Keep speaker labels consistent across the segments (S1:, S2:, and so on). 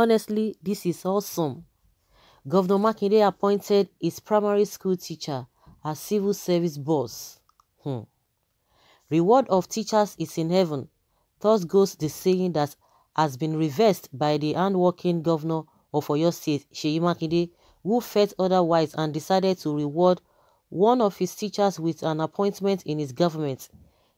S1: Honestly, this is awesome. Governor Makinde appointed his primary school teacher as civil service boss. Hmm. Reward of teachers is in heaven. Thus goes the saying that has been reversed by the unworking governor of Oyo State, Sheyi Makinde, who felt otherwise and decided to reward one of his teachers with an appointment in his government.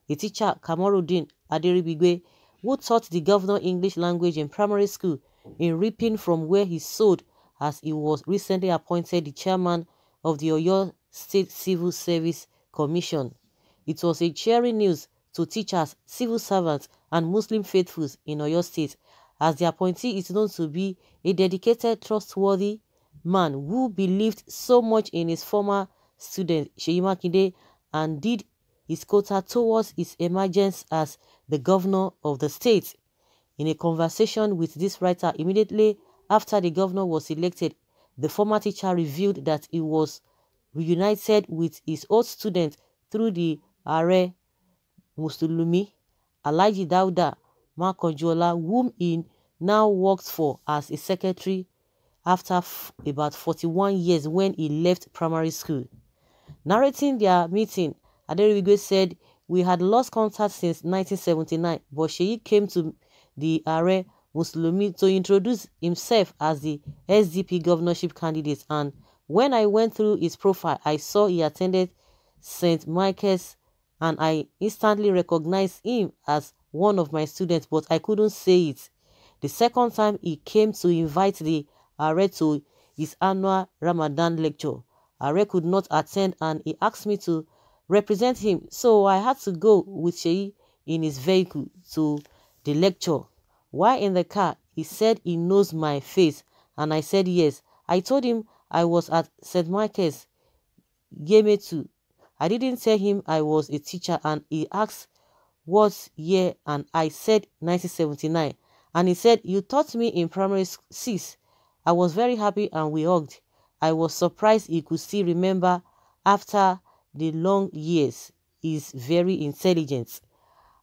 S1: The teacher, Kamarudin Aderibigwe, who taught the governor English language in primary school, in reaping from where he sowed as he was recently appointed the chairman of the Oyo State Civil Service Commission. It was a cheering news to teachers, civil servants, and Muslim faithfuls in Oyo State, as the appointee is known to be a dedicated, trustworthy man who believed so much in his former student, Sheyi Makinde, and did his quota towards his emergence as the governor of the state. In a conversation with this writer immediately after the governor was elected, the former teacher revealed that he was reunited with his old students through the Are Musulumi Alaji Dauda Makonjola, whom he now works for as a secretary after about 41 years when he left primary school. Narrating their meeting, Aderibigwe said, We had lost contact since 1979, but Sheyi came to the Are Muslimi to introduce himself as the SDP governorship candidate and when I went through his profile, I saw he attended St. Michael's and I instantly recognized him as one of my students, but I couldn't say it. The second time he came to invite the Are to his annual Ramadan lecture. Are could not attend and he asked me to represent him, so I had to go with Shei in his vehicle to the lecture. While in the car, he said he knows my face, and I said yes. I told him I was at St. Mark's, 2. I didn't tell him I was a teacher, and he asked what year, and I said 1979. And he said, You taught me in primary 6. I was very happy, and we hugged. I was surprised he could still remember after the long years. He's very intelligent.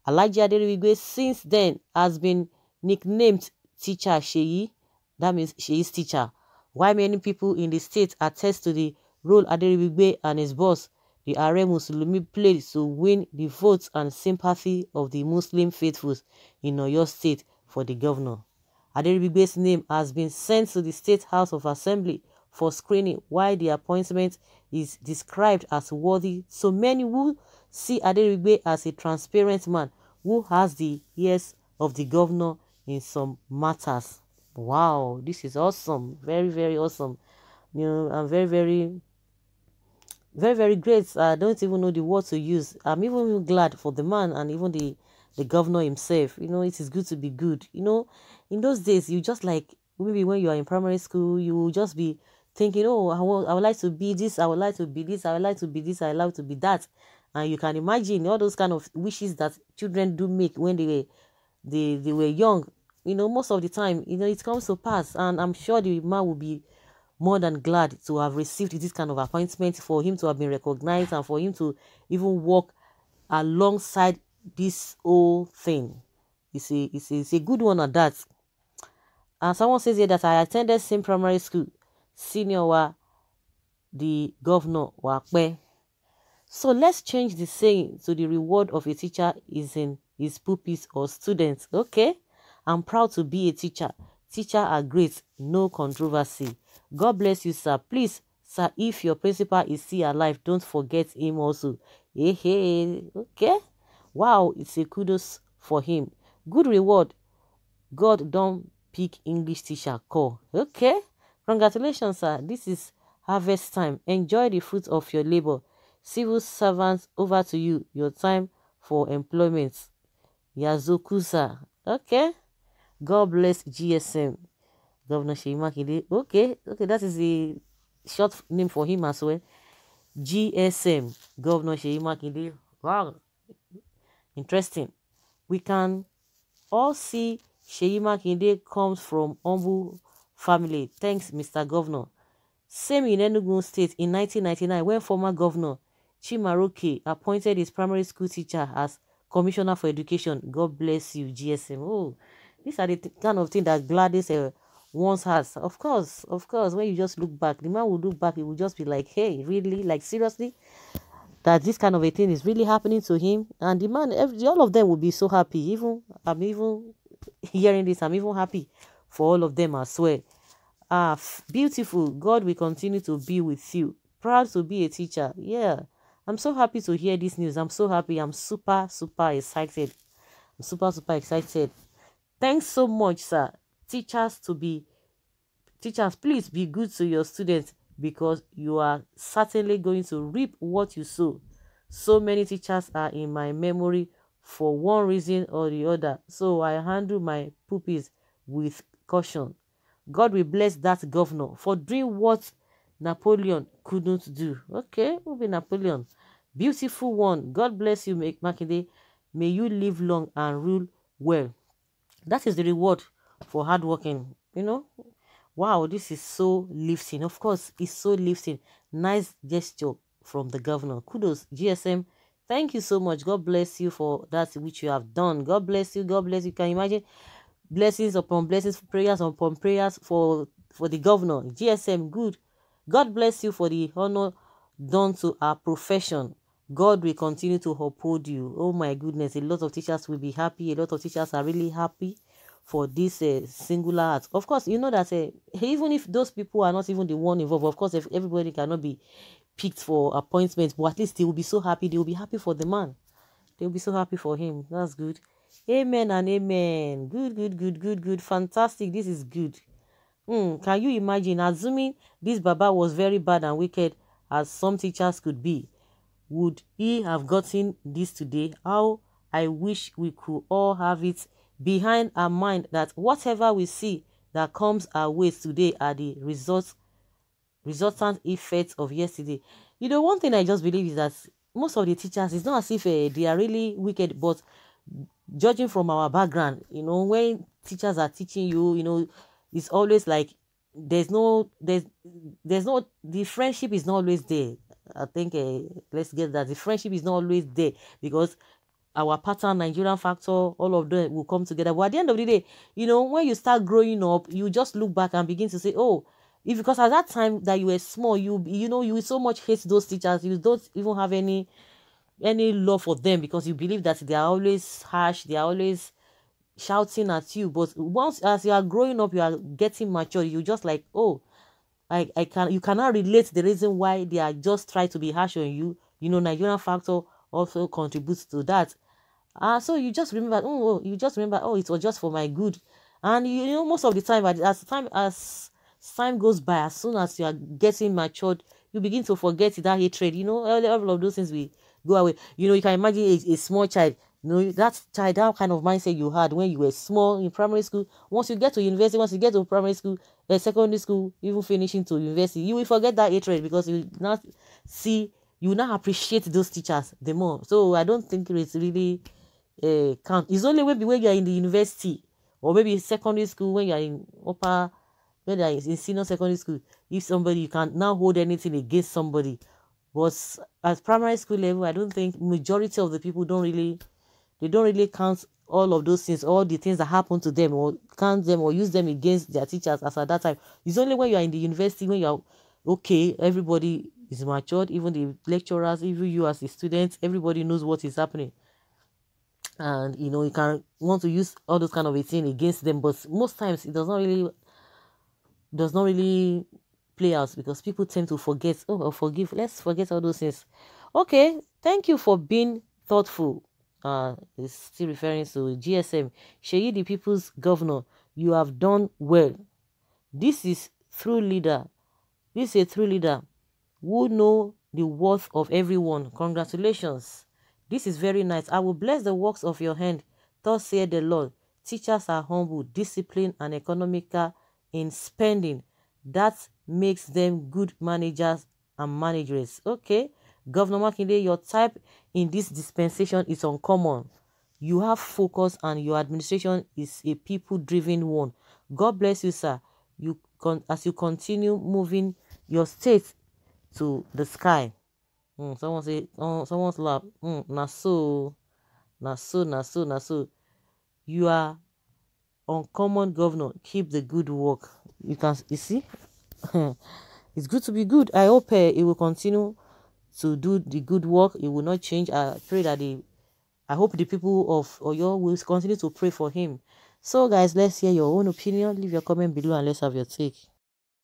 S1: Alhaji Aderibigbe since then has been nicknamed Teacher Sheyi, that means Sheyi's teacher. Why many people in the state attest to the role Aderibigbe and his boss, the Are Muslimi, played to win the votes and sympathy of the Muslim faithfuls in Oyo State for the governor. Aderibigbe's name has been sent to the State House of Assembly for screening Why the appointment is described as worthy so many will see Aderigbe as a transparent man who has the ears of the governor in some matters. Wow, this is awesome. Very, very awesome. You know, I'm very, very, very, very great. I don't even know the word to use. I'm even glad for the man and even the, the governor himself. You know, it is good to be good. You know, in those days, you just like, maybe when you are in primary school, you will just be thinking, oh, I, will, I would like to be this, I would like to be this, I would like to be this, I would like to be that and you can imagine all those kind of wishes that children do make when they were they, they were young you know most of the time you know it comes to pass and i'm sure the man will be more than glad to have received this kind of appointment for him to have been recognized and for him to even work alongside this whole thing You see, it's a, it's a good one at that and someone says here that i attended same primary school senior wa the governor were so let's change the saying to the reward of a teacher is in his pupils or students. Okay? I'm proud to be a teacher. Teacher are great. No controversy. God bless you, sir. Please, sir, if your principal is still alive, don't forget him also. Hey, hey. Okay? Wow, it's a kudos for him. Good reward. God don't pick English teacher call. Okay? Congratulations, sir. This is harvest time. Enjoy the fruits of your labor. Civil servants, over to you. Your time for employment. Yazokusa. Okay. God bless GSM. Governor Kinde. Okay. Okay, that is the short name for him as well. GSM. Governor Kinde. Wow. Interesting. We can all see Sheyi Kinde comes from humble family. Thanks, Mr. Governor. Same in Enugu State in 1999 when former governor Chimaroke appointed his primary school teacher as Commissioner for Education. God bless you, GSM. Oh, these are the th kind of thing that Gladys uh, once has. Of course, of course, when you just look back, the man will look back, he will just be like, hey, really? Like, seriously? That this kind of a thing is really happening to him? And the man, every, all of them will be so happy. Even, I'm even hearing this, I'm even happy for all of them I swear. Ah, beautiful. God will continue to be with you. Proud to be a teacher. Yeah. I'm so happy to hear this news. I'm so happy. I'm super, super excited. I'm super, super excited. Thanks so much, sir. Teachers to be, teachers, please be good to your students because you are certainly going to reap what you sow. So many teachers are in my memory for one reason or the other. So I handle my pupils with caution. God will bless that governor for doing what Napoleon couldn't do. Okay, we'll be Napoleon. Beautiful one. God bless you, Makinde. May you live long and rule well. That is the reward for hard working. You know, wow, this is so lifting. Of course, it's so lifting. Nice gesture from the governor. Kudos, GSM. Thank you so much. God bless you for that which you have done. God bless you. God bless you. Can you imagine blessings upon blessings, prayers upon prayers for for the governor. GSM, good. God bless you for the honor done to our profession, God will continue to uphold you. Oh my goodness, a lot of teachers will be happy. A lot of teachers are really happy for this uh, singular act. Of course, you know that uh, even if those people are not even the one involved, of course, if everybody cannot be picked for appointments, but at least they will be so happy. They will be happy for the man. They will be so happy for him. That's good. Amen and amen. Good, good, good, good, good. Fantastic. This is good. Mm, can you imagine? Assuming this Baba was very bad and wicked, as some teachers could be. Would he have gotten this today? How I wish we could all have it behind our mind that whatever we see that comes our way today are the results, resultant effects of yesterday. You know, one thing I just believe is that most of the teachers, it's not as if uh, they are really wicked, but judging from our background, you know, when teachers are teaching you, you know, it's always like there's no there's there's no the friendship is not always there i think uh, let's get that the friendship is not always there because our pattern nigerian factor all of them will come together but at the end of the day you know when you start growing up you just look back and begin to say oh if because at that time that you were small you you know you so much hate those teachers you don't even have any any love for them because you believe that they are always harsh they are always shouting at you but once as you are growing up you are getting mature you just like oh i i can you cannot relate the reason why they are just trying to be harsh on you you know nigerian factor also contributes to that uh, so you just remember oh, oh you just remember oh it was just for my good and you, you know most of the time as time as time goes by as soon as you are getting matured you begin to forget that hatred you know all, of those things we go away you know you can imagine a, a small child you know, that child, that kind of mindset you had when you were small in primary school, once you get to university, once you get to primary school, uh, secondary school, even finishing to university, you will forget that hatred because you not see, you not appreciate those teachers the more. So I don't think it's really uh, count. It's only maybe when you are in the university or maybe secondary school when you are in upper, when you are in senior secondary school, if somebody you can now hold anything against somebody. But at primary school level, I don't think majority of the people don't really they don't really count all of those things, all the things that happen to them, or count them, or use them against their teachers as at that time. It's only when you are in the university, when you are okay, everybody is matured, even the lecturers, even you as a student, everybody knows what is happening. And you know, you can want to use all those kind of things against them, but most times it does not really does not really play out because people tend to forget. Oh, forgive. Let's forget all those things. Okay, thank you for being thoughtful uh, is still referring to GSM, Sheyi, the people's governor, you have done well. This is true leader. This is a true leader who know the worth of everyone. Congratulations. This is very nice. I will bless the works of your hand. Thus said the Lord. Teachers are humble, disciplined, and economical in spending. That makes them good managers and managers. Okay. Governor Makinde, your type in this dispensation is uncommon. You have focus and your administration is a people-driven one. God bless you, sir. You con as you continue moving your state to the sky. Mm, someone say, oh, someone's laugh. Mm, na so, na so, You are uncommon governor. Keep the good work. You can you see. it's good to be good. I hope uh, it will continue to do the good work. It will not change. I pray that the I hope the people of Oyo will continue to pray for him. So guys, let's hear your own opinion. Leave your comment below and let's have your take.